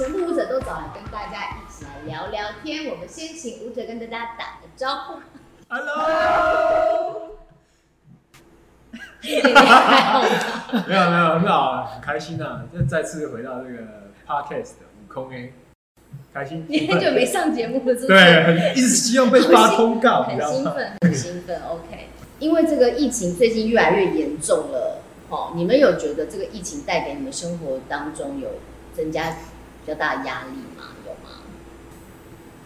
全部舞者都找來，跟大家一起來聊聊天。我們先請舞者跟大家打個招呼。Hello！好沒有沒有，很好，啊，很開心啊。再再次回到這個 podcast 的悟空哎，開心！你很久沒上節目了是不是，是嗎？對，一直希望被發通告， 很興奮，很興奮。OK， 因為這個疫情最近越來越嚴重了，哦，你們有覺得這個疫情帶給你們生活當中有增加？比較大的壓力嘛，有嗎？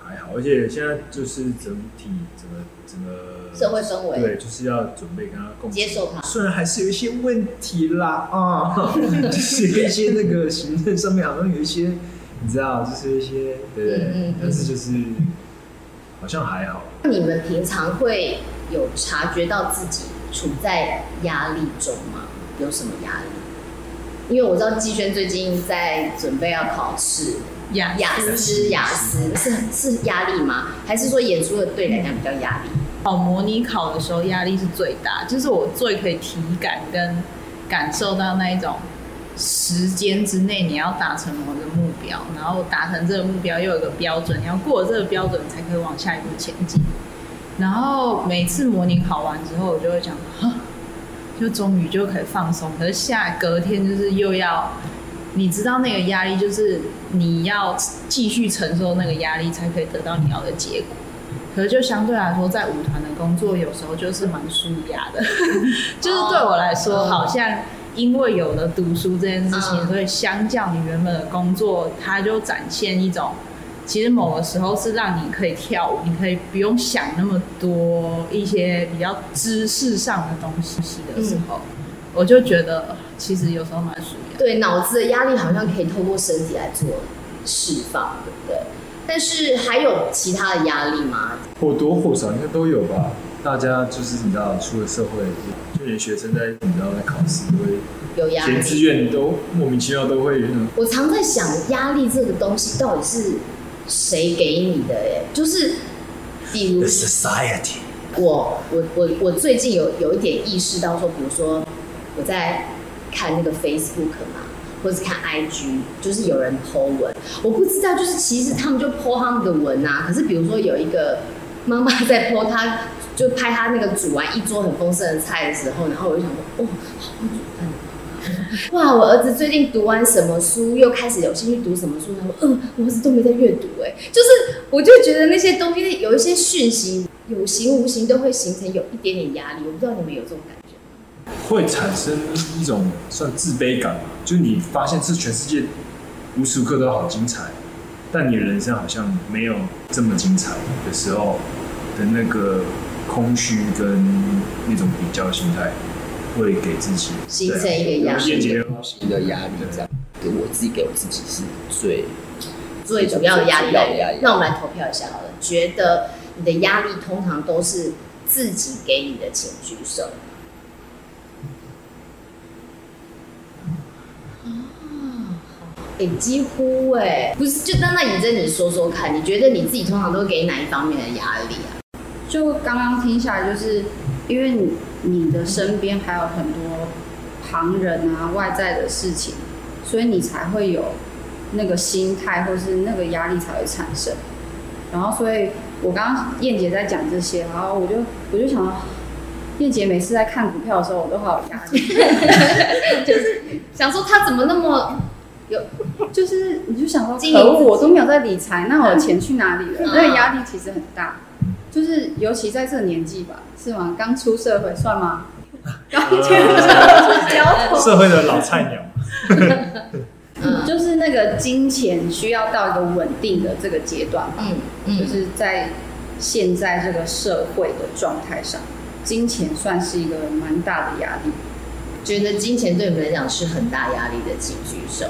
還好，而且現在就是整體，整個整個，整個社會氛圍，對，就是要準備跟他共接受他，雖然還是有一些問題啦，啊， 就是有一些那個 行政上面好像有一些，你知道，就是有一些，對，嗯嗯嗯，但是就是好像還好。那你們平常會有察覺到自己處在壓力中嗎？有什麼壓力？因為我知道季萱最近在準備要考試，雅思、雅思是壓力嗎？還是說演出的對人家比較壓力？考模擬考的時候壓力是最大，就是我最可以體感跟感受到那一種時間之內你要達成我的目標，然後達成這個目標又有一個標準，你要過了這個標準才可以往下一步前進。然後每次模擬考完之後，我就會想。就終於就可以放鬆，可是下隔天就是又要，你知道那個壓力就是你要繼續承受那個壓力，才可以得到你要的結果。嗯、可是就相對來說，在舞團的工作有時候就是蠻舒壓的，嗯、 就是對我來說，哦、好像因為有了讀書這件事情，嗯、所以相較你原本的工作，它就展現一種。其實，某個時候是讓你可以跳舞，你可以不用想那麼多一些比較知識上的東西的時候，嗯、我就覺得其實有時候蠻舒壓。對，腦子的壓力好像可以透過身體來做釋放，對不對？但是還有其他的壓力嗎？或多或少應該都有吧。大家就是你知道，出了社會，就連學生在你知道在考試都會有壓力，填志願你都莫名其妙都會。有我常在想，壓力這個東西到底是。誰給你的？哎，就是，比如，The society. 我我我我最近有有一點意識到說，比如說我在看那個 Facebook 嘛，或是看 IG，就是有人 PO 文，我不知道，就是其實他們就 PO 他們的文啊。可是比如說有一個媽媽在 PO，她，就拍她那個煮完一桌很豐盛的菜的時候，然後我就想說，哦，好。哇，我兒子最近讀完什麼書，又開始有興趣讀什麼書。他說：“嗯，我兒子都沒在閱讀。”哎，就是，我就覺得那些東西有一些訊息，有形無形都會形成有一點點壓力。我不知道你們有這種感覺嗎？會產生一種算自卑感嘛？就你發現是全世界無時無刻都好精彩，但你的人生好像沒有這麼精彩的時候的那個空虛跟那種比較心態。會給自己形成一個壓力，新的壓力這樣。對，我自己給我自己是最最主要的壓力。壓力，那我們來投票一下好了。覺得你的壓力通常都是自己給你的，請舉手。啊，哎，幾乎哎，不是，就當那乙臻，你說說看，你覺得你自己通常都會給哪一方面的壓力啊？就剛剛聽下來就是。因為你的身邊還有很多旁人啊，外在的事情，所以你才會有那個心態，或是那個壓力才會產生。然後，所以我剛剛燕姐在講這些，然後我就我就想，燕姐每次在看股票的時候，我都好有壓力， 就是想說她怎麼那麼有，就是你就想說，可惡我都沒有在理財，那我錢去哪裡了？嗯、那個壓力其實很大。就是尤其在這個年紀吧，是嗎？剛出社會算嗎？剛出、 呃、社會的老菜鳥、 嗯，就是那個金錢需要到一個穩定的這個階段吧。嗯、就是在現在這個社會的狀態上，嗯、金錢算是一個蠻大的壓力。覺得金錢對你們來講是很大壓力的，請舉手。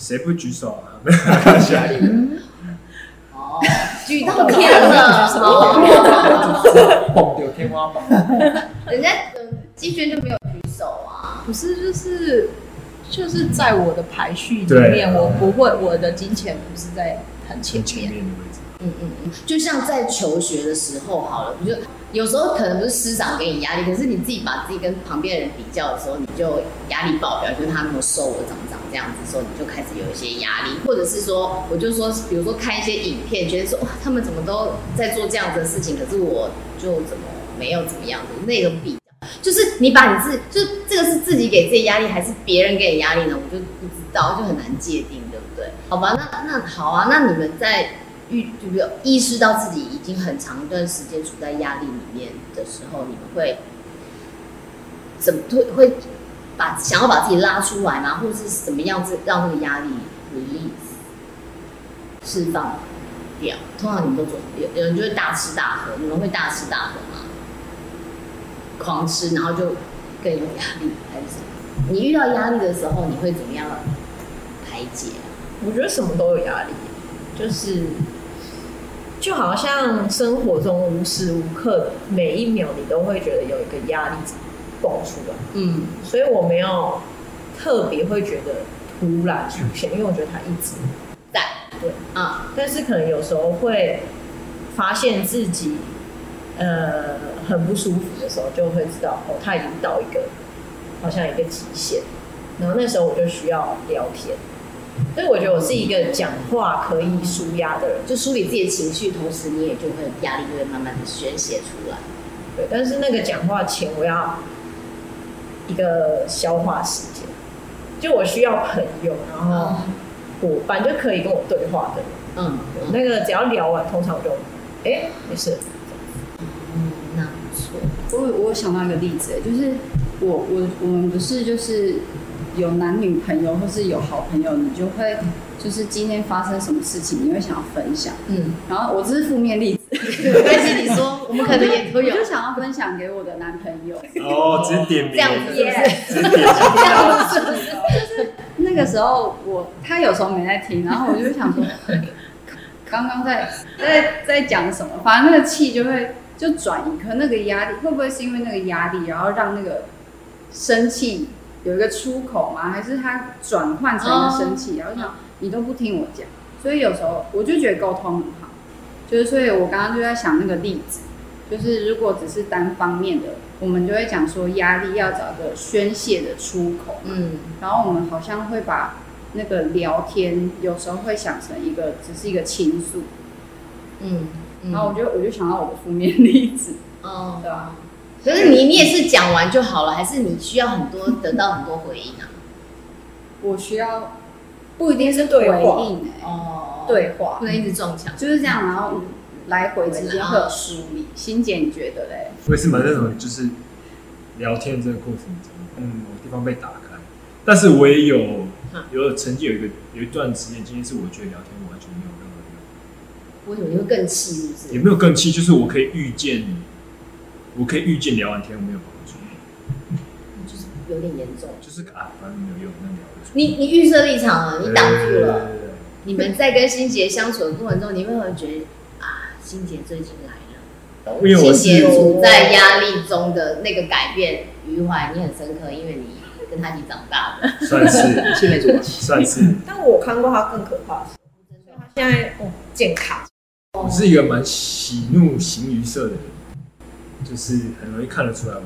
誰不舉手啊？沒有壓力。舉到天了，啊，好，蹦到天花板。人家，嗯，季萱就沒有舉手啊。不是，就是，就是在我的排序裡面，對我不會，我的金錢不是在很前面。嗯嗯嗯嗯，就像在求學的時候好了，你就有時候可能不是師長給你壓力，可是你自己把自己跟旁邊的人比較的時候，你就壓力爆表。就是他那麼瘦，我怎麼長這樣子？時候你就開始有一些壓力，或者是說，我就說，比如說看一些影片，覺得說哇，他們怎麼都在做這樣子的事情，可是我就怎麼沒有怎麼樣子那個比較，就是你把你自己，就這個是自己給自己壓力，還是別人給你壓力呢？我就不知道，就很難界定，對不對？好吧，那那好啊，那你們在。預就意，意識到自己已經很長一段時間處在壓力裡面的時候，你們會怎麼會會把想要把自己拉出來嗎？或者是怎麼樣子讓那個壓力 release 釋放掉？Yeah. 通常，你們都做，有有人就會大吃大喝，你們會大吃大喝嗎？狂吃，然後就更有壓力還是？你遇到壓力的時候，你會怎麼樣排解？我覺得什麼都有壓力，就是。就好像生活中無時無刻每一秒你都會覺得有一個壓力爆出來，嗯，所以我沒有特別會覺得突然出現，因為我覺得它一直在，對啊，但是可能有時候會發現自己呃很不舒服的時候，就會知道哦，他已經到一個好像一個極限，然後那時候我就需要聊天。所以我覺得我是一個講話可以紓壓的人，嗯、就梳理自己的情緒，同時你也就會壓力就會慢慢的宣泄出來。對，但是那個講話前我要一個消化時間，就我需要朋友，然後我反正可以跟我對話的人。嗯，對嗯，那個只要聊完，通常我就，哎、欸，沒事。嗯，那不錯。我我想到一個例子，就是我我我們不是就是。有男女朋友或是有好朋友，你就會就是今天發生什麼事情，你會想要分享。嗯，然後我這是負面例子，但是你說我們可能也會有，我就想要分享給我的男朋友。哦，直接點名這 就是那個時候我他有時候沒在聽，然後我就想說剛剛在在在講什麼？反正那個氣就會就轉移，可那個壓力會不會是因為那個壓力，然後讓那個生氣？有一個出口嗎？還是他轉換成了生氣？哦、然後想你都不聽我講，所以有時候我就覺得溝通很好。就是所以我剛剛就在想那個例子，就是如果只是單方面的，我們就會講說壓力要找個宣泄的出口。嗯，然後我們好像會把那個聊天有時候會想成一個只是一個傾訴。嗯嗯、然後我就我就想到我的負面例子。哦、對吧？可是你，你也是講完就好了，還是你需要很多得到很多回應啊？ 我需要，不一定是回應哎、欸，對話、嗯、不能一直撞牆，嗯、撞就是這樣，嗯、然後來回之間會有梳理。新後杰，你覺得嘞？我也是蠻那種，就是聊天這個過程，嗯，我的地方被打開。但是我也有，有曾經有一個有一段時間，今天是我覺得聊天我完全沒有那麼。嗯、我有沒有更氣？是不是？也沒有更氣，就是我可以預見你。我可以預見聊完天我沒有幫助，就是有點嚴重，就是啊反正沒有用，你你預設立場了，你擋住了。對對對對，你們在跟新杰相處的過程中，你會不會覺得啊，新杰最近來了？新杰處在壓力中的那個改變，兪懷，懷你很深刻，因為你跟他一起長大的。算是青梅竹馬，算是。但我看過他更可怕的，他現在、 哦、健康。我是一個蠻喜怒形於色的人就是很容易看得出來我，我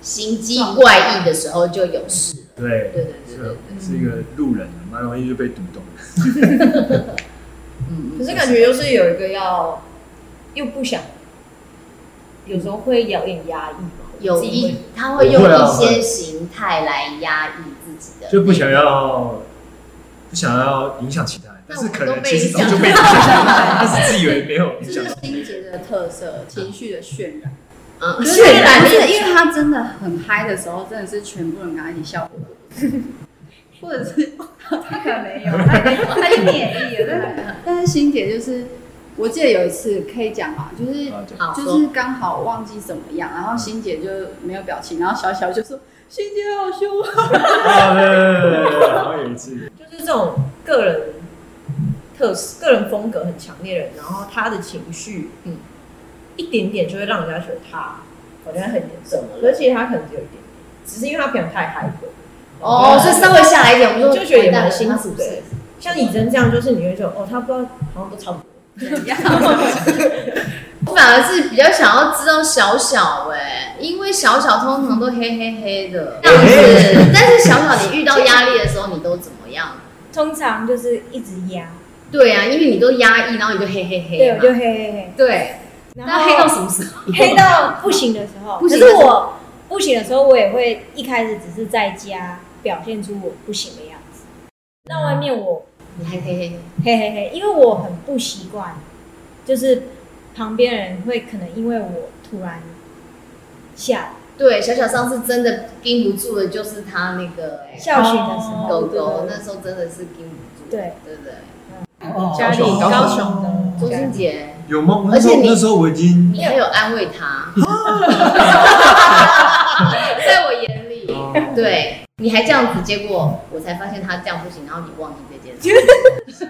形跡怪異的時候就有事。對,對對對,對是一個路人，蠻容易就被讀懂的。可是感覺又是有一個要，又不想，有時候會有點壓抑吧。有一他會用一些形態來壓抑自己的、啊，就不想要，不想要影響其他人。但是可能其實早就被影響了，他是自以為沒有影響。 特色情緒的渲染，嗯，渲染，因為因為他真的很嗨的時候，真的是全部人跟他一起笑，或者是他可沒有，他他免疫了，但是但是心姐就是，我記得有一次可以講嘛，就是就是剛好忘記怎麼樣，然後心姐就沒有表情，然後小小就說心姐好凶啊，然後有一次就是這種個人。特色個人風格很強烈的人，然後他的情緒，一點點就會讓人家覺得他好像很嚴重，而且他可能只有一點、點，只是因為他平常太嗨了。哦，所以稍微下來一點，我們就覺得也蠻辛苦的。對像乙臻這樣，就是你會覺得，哦，他不知道，好像都差不多 我反而是比較想要知道小小哎、欸，因為小小通常都黑黑黑的樣子。但是小小，你遇到壓力的時候，你都怎麼樣？通常就是一直壓。對啊，因為你都壓抑，然後你就嘿嘿嘿，對，我就嘿嘿嘿。對，那黑到什麼時候？黑到不行的時候。可是我不行的時候，我也會一開始只是在家表現出我不行的樣子。那外面我，你還嘿嘿嘿，嘿嘿嘿，因為我很不習慣，就是旁邊人會可能因為我突然嚇。對，小小上次真的頂不住的，就是他那個笑訓的時候，狗狗，那時候真的是頂不住。對對對。家裡高雄的周新杰有嗎？而且你那時候我已經，你還有安慰他， 在我眼裡， 對，你還這樣子，結果我才發現他這樣不行，然後你忘記這件事。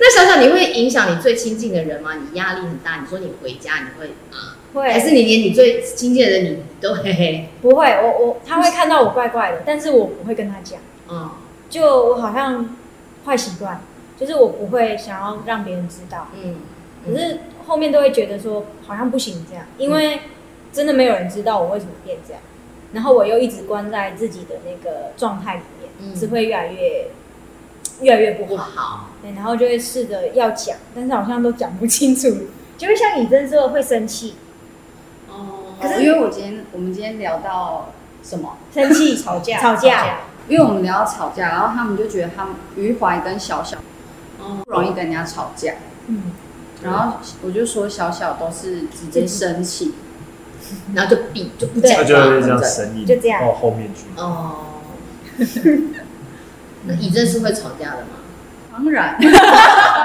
那想想，你會影響你最親近的人嗎？你壓力很大，你說你回家你會啊、呃、會，還是你連你最親近的人你都會不會？我我他會看到我怪怪的，嗯、但是我不會跟他講。嗯，就我好像。壞習慣，就是我不會想要讓別人知道。嗯，嗯可是後面都會覺得說好像不行這樣，因為真的沒有人知道我為什麼變這樣，嗯、然後我又一直關在自己的那個狀態裡面，只會、嗯、越來越越來越不好。嗯、然後就會試着要講，但是好像都講不清楚。嗯、就會像你真的說會生氣。哦、嗯，可是因為我今天我們今天聊到什麼？生氣吵架吵架。吵架吵架因為我們聊到吵架，然後他們就覺得他們余淮跟小小不容易跟人家吵架，嗯、然後我就說小小都是直接生氣，嗯嗯、然後就比、嗯、就不講，就這樣，到後，後面去。哦，那你真是會吵架的嗎？當然。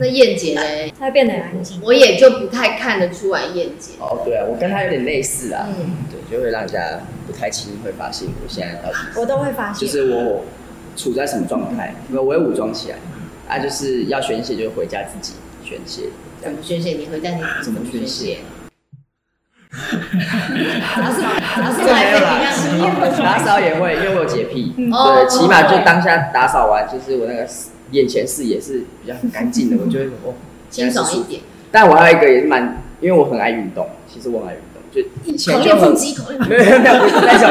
那燕姐呢？她變得很安靜，我也就不太看得出來燕姐。哦，對啊，我跟她有點類似啊。嗯，對，就會讓人家不太輕易會發現我現在到底。我都會發現。就是我處在什麼狀態？因為我會武裝起來，啊，就是要宣洩，就回家自己宣洩。不宣洩，你回家你怎麼宣洩？哈哈哈哈哈！打掃，打掃也會，因為我有潔癖。對，起碼就當下打掃完，就是我那個。眼前視野是比較很乾淨的，我覺得哦，清爽一點。但我還有一個也是蠻，因為我很愛運動，其實我很愛運動，就以前就腹肌口，沒有，不是開玩笑，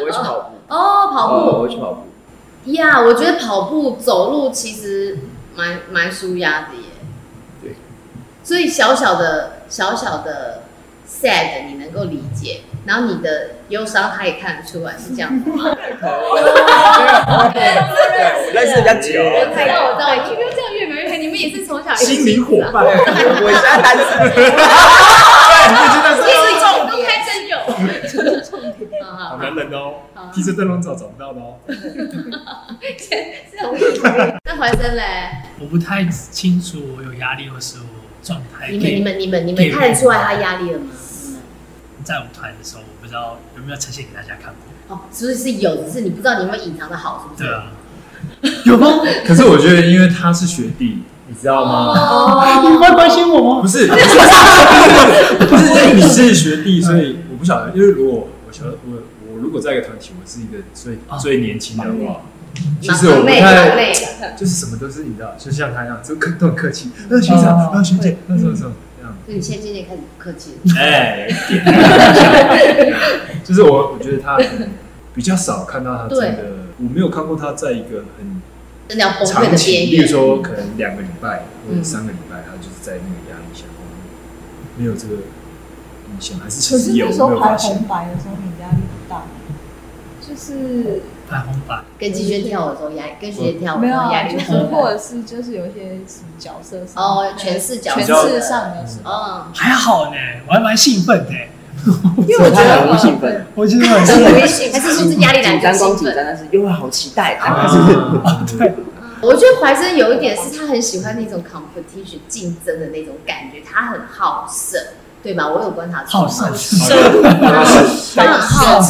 我會去跑步。哦，跑步，我會去跑步。呀，我覺得跑步、走路其實蠻蠻舒壓的耶。對，所以小小的小小的 sad，你能夠理解。然後你的憂傷，他也看得出來，是這樣。太搞笑了，認識比較久。太搞笑了，你們這樣越來越，你們也是從小。心理夥伴，我也是單身。對，真的是。一直重點。懷真有，好難得哦，提著燈籠找找不到的哦。那懷陞嘞？我不太清楚，我有壓力還是我狀態？你們、你們、你們、你們看得出來他壓力了嗎？在舞團的時候，我不知道有沒有呈現給大家看過。哦，所以是有，只是你不知道你有沒有隱藏的好，是不是？對啊，有嗎？可是我覺得，因為他是學弟，你知道嗎？你不會關心我嗎？不是，不是。哈哈，你是學弟，所以我不曉得，因為如果我曉得，我我如果在一個團體，我是一個最最年輕的話，就是我太就是什麼都是你知道，就像他一樣，就都很客氣，那學長，那學姐，那什麼什麼就你現在漸漸開始不客氣了哎、欸， 就是我我覺得他比較少看到他真的，對我沒有看過他在一個很長期，比如說可能兩個禮拜或者三個禮拜，他就是在那個壓力，嗯嗯、力下，沒有這個，還是其實有。可是那時候排紅白的時候，壓力大，就是。跟季萱跳舞的時候壓，跟學姐跳舞時候壓力或者是就是有一些什麼角色什哦，全是角色，全是上的，嗯，還好呢，我還蠻興奮的，因為我覺得很興奮，我覺得很興奮，還是說是壓力大，緊張緊但是又會好期待啊，我覺得懷陞有一點是他很喜歡那種 competition 競爭的那種感覺，他很好勝。對吧？我有觀察到，好強、啊，好想。好、啊好，啊好啊，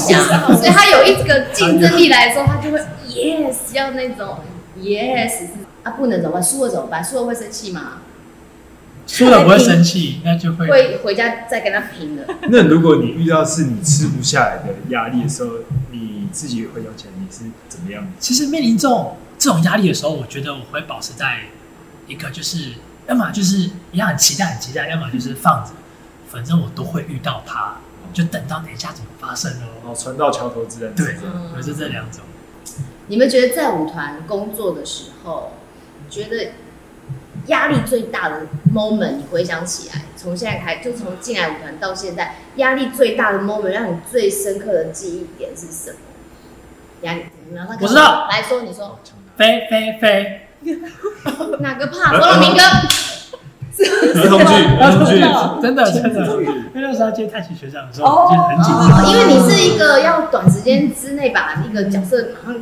所以他有一個競爭力來說，他就會 yes，要那種 yes，啊，不能怎麼辦？輸了怎麼辦？輸了會生氣嗎？輸了不會生氣，那就會會回家再跟他拼了。那如果你遇到是你吃不下來的壓力的時候，嗯、你自己回想起來你是怎麼樣的？其實面臨這種這種壓力的時候，我覺得我會保持在一個，就是要麼就是一樣很期待很期待，要麼就是放着。嗯反正我都會遇到他，就等到等一下怎麼發生嘍。哦，船到橋頭自然直，對，嗯、就是這兩種。嗯、你們覺得在舞團工作的時候，你覺得壓力最大的 moment，嗯、你回想起來，從現在開，就從進來舞團到現在，壓力最大的 moment，讓你最深刻的記憶點是什麼？壓力、嗯、然後他我知道，來說，你說，飛飛飛，哪個怕？羅永明哥。呃呃 兒童劇，兒童劇真的真的，因為那時候接太奇學長的時候就很緊張，因為你是一個要短時間之內把那個角色馬上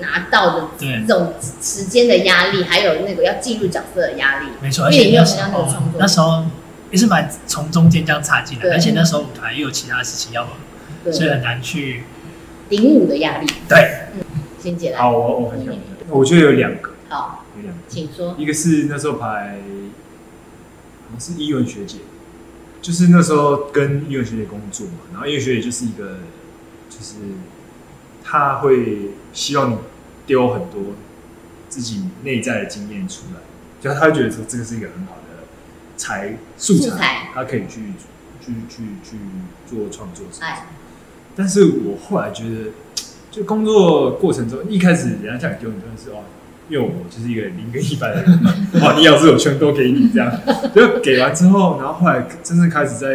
拿到的，對，這種時間的壓力，還有那個要進入角色的壓力，沒錯，而且沒有時間去創作。那時候也是蠻從中間這樣插進來的，而且那時候舞團又有其他事情要忙，所以很難去頂舞的壓力。對，先解答。來，好，我我很想，我覺得有兩個，好，有兩個，請說，一個是那時候排。我是於芬學姐，就是那時候跟於芬學姐工作嘛，然後於芬學姐就是一個，就是她會希望你丟很多自己內在的經驗出來，就她會覺得說這個是一個很好的材，素材，她可以去去去去，去做創作什麼什麼。麼、哎，但是我後來覺得，就工作過程中，一開始人家叫你丟，你真的是哦。因為我就是一個零跟一百的人嘛，哇，你要是有全都給你這樣， 就給完之後，然後後來真正開始在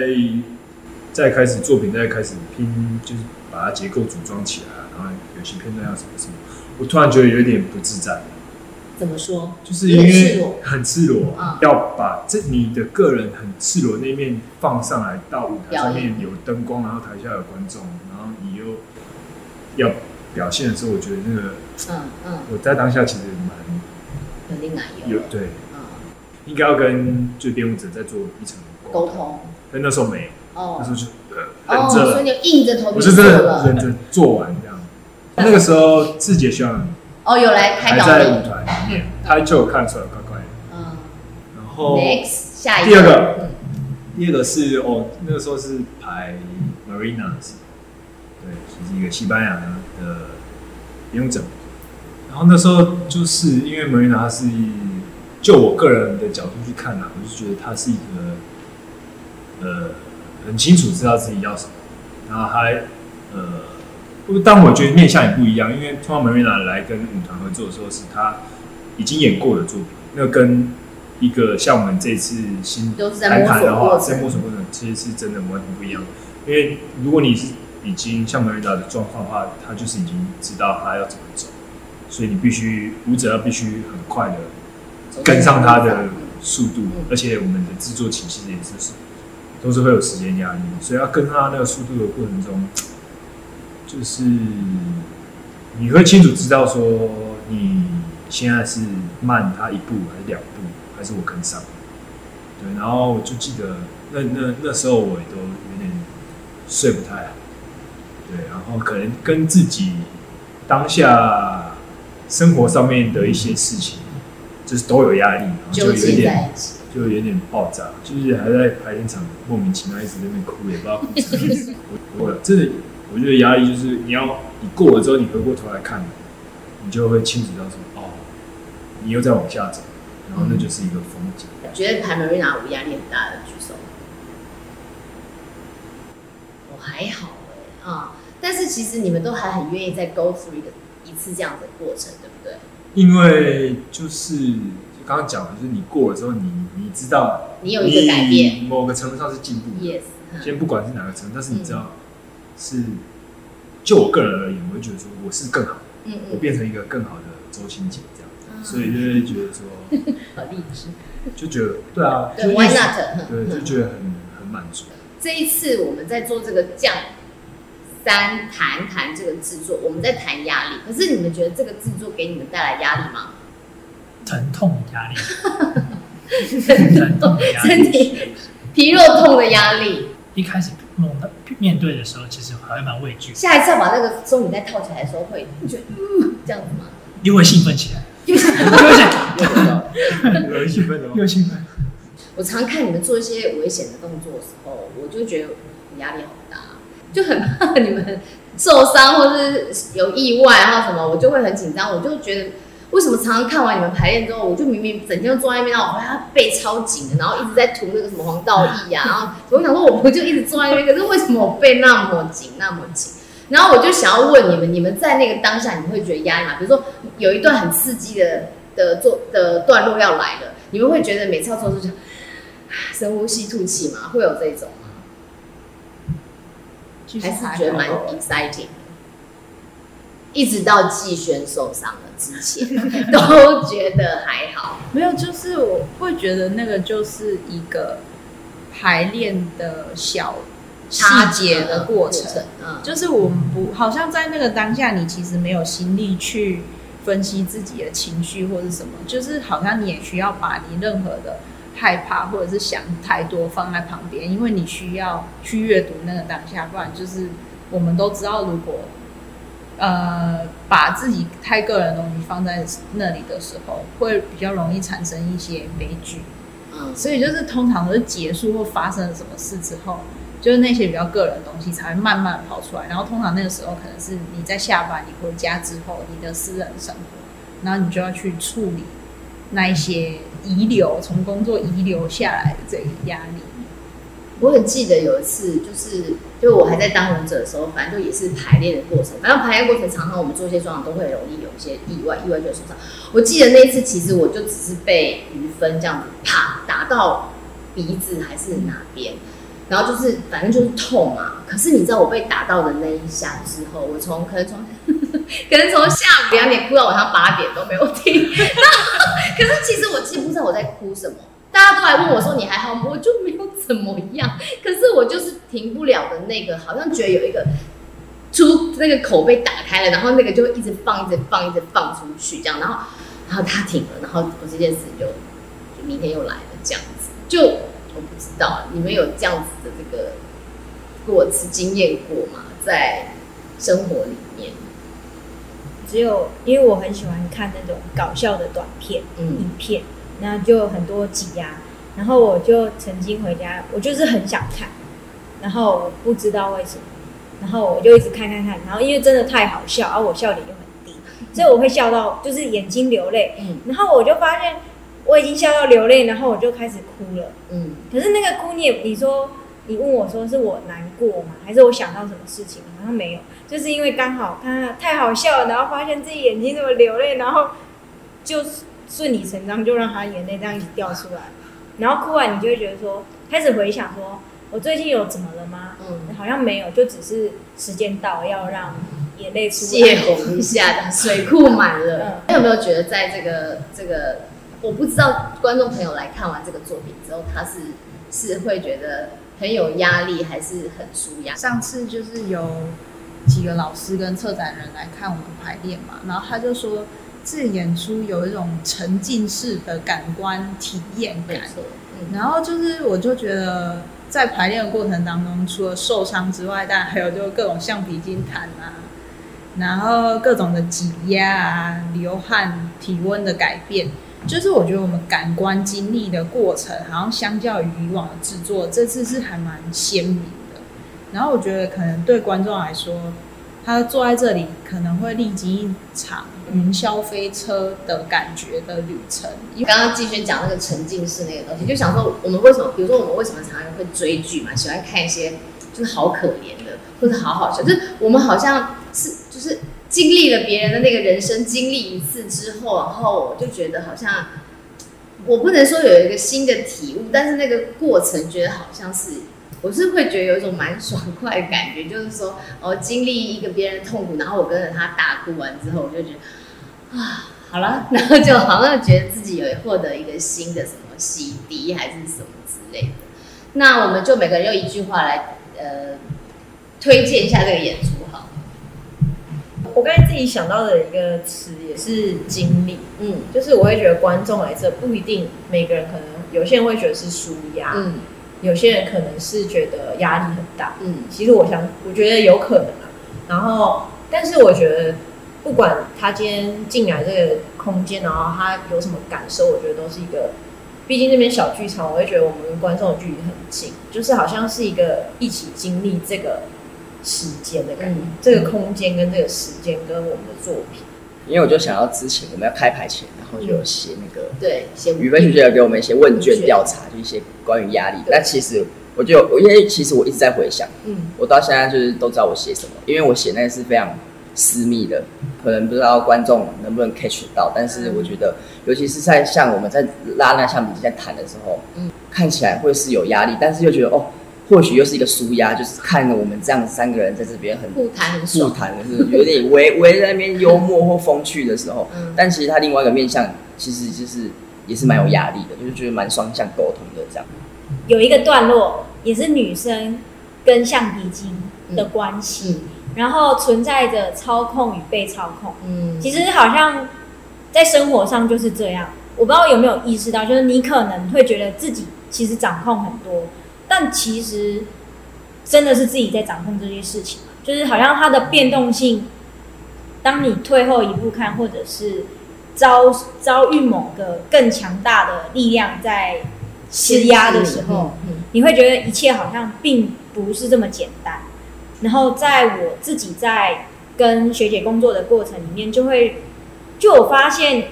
在開始作品，在開始拼，就是把它結構組裝起來，然後有些片段要什麼什麼，我突然覺得有點不自在。怎麼說？就是因為很赤裸，要把這你的個人很赤裸的那面放上來，到舞台上面有燈光，然後台下有觀眾，然後你又要。表現的時候，我覺得那個，嗯嗯，我在當下其實蠻有有對，應該要跟最編舞者再做一層溝通，但那時候沒哦，那時候就對，哦，所以你硬着頭皮，就是認真做完這樣。那個時候，自己也希望，哦，有來排在舞台裡面，他就看出來怪怪的，嗯，然後 Next 下一個，第二個，第二個是哦，那個時候是排 Marinas，對，就是一個西班牙的。呃，不用整。然後那時候就是因為梅艷芳，他是就我個人的角度去看呢，啊，我就覺得他是一個呃很清楚知道自己要什麼，然後還呃，不，但我覺得面相也不一樣，因為通過梅艷芳來跟舞團合作的時候，是他已經演過的作品，那跟一個像我們這次新都是在摸索過，在摸索過程，其實是真的完全不一樣。因為如果你是。已經像梅瑞達的狀況的話，他就是已經知道他要怎麼走，所以你必須舞者要必須很快的跟上他的速度，而且我們的制作其實也是都是會有時間壓力，所以要跟他那個速度的過程中，就是你會清楚知道說你現在是慢他一步還是兩步，還是我跟上？對，然後我就記得那那那時候我也都有點睡不太好。對，然後可能跟自己當下生活上面的一些事情，嗯、就是都有壓力，然後就有一點，就，就有點爆炸，就是還在排練場莫名其妙一直在那邊哭，也不知道哭什麼。我，我真的，我覺得壓力就是，你要你過了之後，你回過頭來看，你就會清楚到說，哦，你又在往下走，然後那就是一個風景。嗯、對覺得排《美人魚》我壓力很大的，舉手。我、哦、還好哎、欸、啊、哦。但是其實你們都還很願意再 go through 一個一次這樣的過程，對不對？因為就是剛剛講的，就是你過了之後，你你知道你有一個改變，某個程度上是進步。Yes，先不管是哪個程度，但是你知道是就我個人而言，我會覺得說我是更好，我變成一個更好的周新杰這樣，所以就會覺得說很勵志，就覺得對啊，why not 對，就覺得很很滿足。這一次我們在做這個勥三談談這個製作，我們在談壓力。可是你們覺得這個製作給你們帶來壓力嗎？疼痛，疼痛的壓力，身體疼痛的壓力，皮肉痛的壓力。一開始到面對的時候，其實還蠻畏懼。下一次要把那個鬆緊帶套起來的時候，會覺得，嗯，這樣子嗎？又會興奮起來？又 興奮，又 興奮，又興奮。我常看你們做一些危險的動作的時候，我就覺得你壓力好大。就很怕你們受傷或是有意外，然後什麼，我就會很緊張。我就覺得，為什麼常常看完你們排練之後，我就明明整天都坐在那邊，然後我好他背超緊的，然後一直在塗那個什麼黃道益呀，啊，然後我想說，我不就一直坐在那邊，可是為什麼我背那麼緊那麼緊？然後我就想要問你們，你們在那個當下，你們會覺得壓力嗎？比如說有一段很刺激的的做、的段落要來了，你們會覺得每次要做就深呼吸、吐氣嘛，會有這種？還，還是覺得蠻 exciting 好一直到季萱受傷了之前， 都覺得還好。 沒有，就是我會覺得那個就是一個排練的小細節的，的過程，嗯，就是我們不，好像在那個當下，你其實沒有心力去分析自己的情緒或者什麼，就是好像你也需要把你任何的。害怕或者是想太多放在旁邊，因為你需要去閱讀那個當下，不然就是我們都知道，如果呃把自己太個人的東西放在那裡的時候，會比較容易產生一些悲劇。嗯，所以就是通常都是結束或發生了什麼事之後，就是那些比較個人的東西才會慢慢跑出來。然後通常那個時候可能是你在下班、你回家之後，你的私人生活，然後你就要去處理那一些。遺留從工作遺留下來的這個壓力。我很記得有一次，就是就我還在當舞者的時候，反正就也是排練的過程。反正排練過程常常我們做些妝都會容易有一些意外，意外就受傷。我記得那一次其實我就只是被於芬這樣子啪打到鼻子還是哪邊。嗯然後就是，反正就是痛嘛。可是你知道我被打到的那一下之後，我從可能從呵呵可能從下午兩點哭到晚上八點都沒有停。 可是其實我記不清我在哭什麼，大家都還問我說你還好嗎？我就沒有怎麼樣。可是我就是停不了的那個，好像覺得有一個出那個口被打開了，然後那個就會一直放、一直放、一直放出去這樣。然後，然後他停了，然後我這件事就明天又來了，這樣子就。我不知道你們有這樣子的這個過吃經驗過嗎？在生活裡面，只有因為我很喜歡看那種搞笑的短片，嗯、影片，那就很多擠壓、啊，然後我就曾經回家，我就是很想看，然後不知道為什麼，然後我就一直看、看、看，然後因為真的太好笑，而，啊、我笑點又很低，所以我會笑到就是眼睛流淚，嗯，然後我就發現。我已經笑到流淚，然後我就開始哭了。嗯，可是那個哭你也，你說你問我說是我難過嗎？還是我想到什麼事情？好像沒有，就是因為剛好他太好笑了，然後發現自己眼睛怎麼流淚，然後就順理成章就讓他眼淚這樣一直掉出來。然後哭完，你就會覺得說，開始回想說，我最近有怎麼了嗎？嗯，好像沒有，就只是時間到要讓眼淚洩洪一下的水庫滿了、 嗯。你有沒有覺得在這個這個？我不知道觀眾朋友來看完這個作品之後，他是是會覺得很有壓力，還是很舒壓？上次就是有幾個老師跟策展人來看我們排練嘛，然後他就說這演出有一種沉浸式的感官體驗感。嗯、然後就是我就覺得在排練的過程當中，除了受傷之外，大家還有就各種橡皮筋彈啊，然後各種的擠壓啊，流汗、體溫的改變。就是我覺得我們感官經歷的過程，好像相較於以往的製作，這次是還蠻鮮明的。然後我覺得可能對觀眾來說，他坐在這裡可能會歷經一場雲霄飛車的感覺的旅程。因為剛剛季萱講那個沉浸式那個東西，就想說我們為什麼，比如說我們為什麼常常會追劇嘛，喜歡看一些就是好可憐的，或者好好笑，就是我們好像是就是。經歷了別人的那個人生經歷一次之後，然後我就覺得好像我不能說有一個新的體悟，但是那個過程覺得好像是，我是會覺得有一種蠻爽快的感覺，就是說哦，經歷一個別人的痛苦，然後我跟着他大哭完之後，我就覺得啊，好了，然後就好像覺得自己有獲得一個新的什麼洗滌還是什麼之類的。那我們就每個人用一句話來呃推薦一下這個演出。我剛才自己想到的一個詞也是經歷，嗯，就是我會覺得觀眾來這不一定每個人，可能有些人會覺得是紓壓，嗯，有些人可能是覺得壓力很大，嗯，其實我想我覺得有可能啊，然後但是我覺得不管他今天進來這個空間，然後他有什麼感受，我覺得都是一個，畢竟這邊小劇場，我會覺得我們跟觀眾的距離很近，就是好像是一個一起經歷這個。時間的感覺，嗯、這個空間跟這個時間跟我們的作品，嗯、因為我就想要之前我們要開排前，然後就寫那個、嗯、對寫，於芬學姐有給我們一些問卷調卷查，就一些關於壓力。的對。但其實我就因為其實我一直在回想，嗯，我到現在就是都知道我寫什麼，因為我寫那個是非常私密的，可能不知道觀眾能不能 catch 到，但是我覺得尤其是在像我們在拉那橡皮筋在彈的時候，嗯、看起來會是有壓力，但是又覺得哦。或許又是一個舒壓，就是看著我們這樣三個人在這邊很，互談很爽，互談是不是、很舒坦的，是有點圍圍在那邊幽默或風趣的時候。 嗯。但其實他另外一個面向，其實就是也是蠻有壓力的，就是覺得蠻雙向溝通的這樣。有一個段落也是女生跟橡皮筋的關係，嗯、然後存在着操控與被操控。嗯。其實好像在生活上就是這樣，我不知道有沒有意識到，就是你可能會覺得自己其實掌控很多，但其實真的是自己在掌控這些事情，就是好像它的變動性。當你退後一步看，或者是遭遭遇某個更強大的力量在施壓的時候，你會覺得一切好像並不是這麼簡單。然後在我自己在跟學姐工作的過程裡面，就會就我發現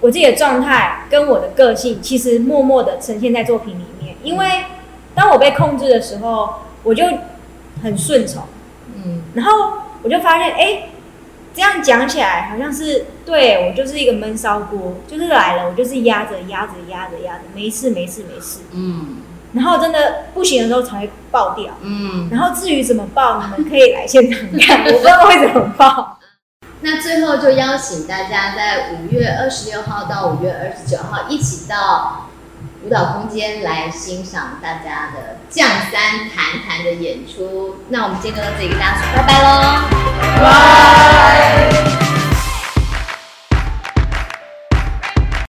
我自己的狀態跟我的個性，其實默默的呈現在作品裡面，因為。當我被控制的時候，我就很順從。嗯，然後我就發現，哎，這樣講起來好像是，對，我就是一個悶燒鍋，就是來了，我就是壓着壓着壓着壓着，沒事沒事沒事。嗯，然後真的不行的時候才會爆掉。嗯，然後至於怎麼爆，你們可以來現場看， 我不知道會怎麼爆。那最後就邀請大家在五月二十六號到五月二十九號一起到。舞蹈空間來欣賞大家的勥3談彈的演出，那我們今天就到這裡，跟大家說拜拜嘍！拜。